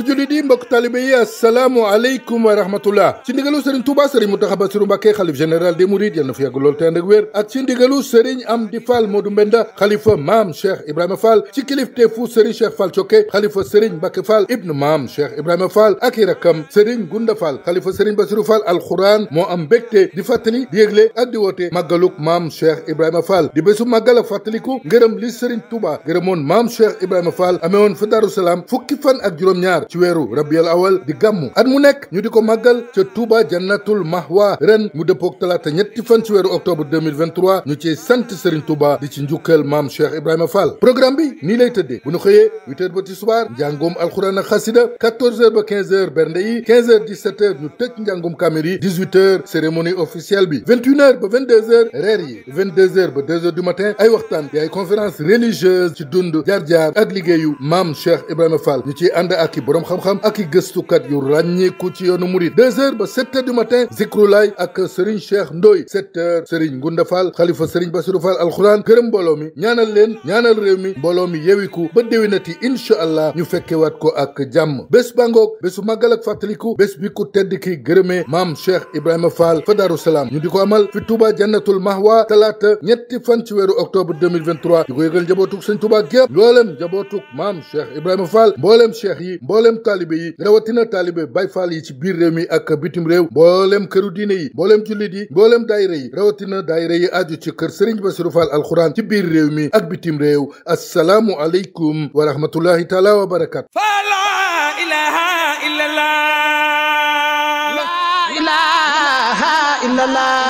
mbokk jullit yi mbokk taalibé yi asalaamu aleykum wa rahmatullah ci serin sëriñ Touba sëriñ Mountakha Bassirou Mbacké xalif général des mourides yal na fi yàgg lool te ànd ak wér ak ci ndigalu sëriñ Amdi Fall Modou Mbenda xalifa maam Cheikh Ibrahima Fall ci kilifteefu sëriñ Cheikh Fall Cokke xalifa sëriñ Mbacké Fall ibnu maam Cheikh Ibrahima Fall ak i rakkam sëriñ Gunda Fall xalifa sëriñ Bassirou Fall alxuraan moo am mbégte di fàttali di yégle ak di woote màggaluk maam Cheikh Ibrahima Fall di bésu màggal a fàttaliku ngërëm li sëriñ Touba ngërëmoon maam Cheikh Ibrahima Fall amewoon fa Daaru Salaam fukki fan ak juróom-ñaar ci weeru rabiul awal di gamu at mu nek ñu diko magal ci Touba Jannatul Mahwa ren mu dëppook talaata ñetti fan ci octobre 2023 ñu ci sante Serigne Touba di ci njukkal mam Cheikh Ibrahima Fall programme bi ni lay tëddee bu ñu xeyé 8 heures ba tisbaar njàngoom jangum ak khassida, 14 h ba 15 h bernde yi 15 h 17 h ñu tecc jangum 18 h cérémonie officielle bi 21 h ba 22 h reer yi 22 h ba 2 h du matin ay waxtan bi ay conférence religieuse ci dund jaar jaar ak liggéeyu mam Cheikh Ibrahima Fall ñu ci ak borom xam-xam ak i gëstukat yu ràññeeku ci yoonu murit deux heures ba sept heures du matin zikrulaay ak Serigne Cheikh Ndoy sept heures Serigne Ngunda Fall xalifa Serigne Bassirou Fall alxuraan gërëm mbooloo mi ñaanal leen ñaanal réew mi mbooloo mi yewiku ba déwénati incha allah ñu fekkewaat ko ak jàmm bés bangoog bésu màggal ak fàttaliku bés bi ku tedd ki gërëmee maam Cheikh Ibrahima Fall fa Daaru ñu di ko amal fi Touba Jannatul Mahwa talaata ñetti fan ci weeru octobre 2023 di ko yëgal njabootug Sëñ Touba gépp mboolem njabootug maam Cheikh Ibrahima Fall mboolem cheikh yi bolem talibé yi talibé bay fall yi ci bir rew mi ak bitim rew mbooleem këru diine yi mbooleem julit yi mbooleem daayira yi rewatina daayira yi aju ci kër sëriñ Bassirou Fall alxuraan ci bir rew mi ak bitim rew assalamu alaykum wa rahmatullahi taala wa allah la allah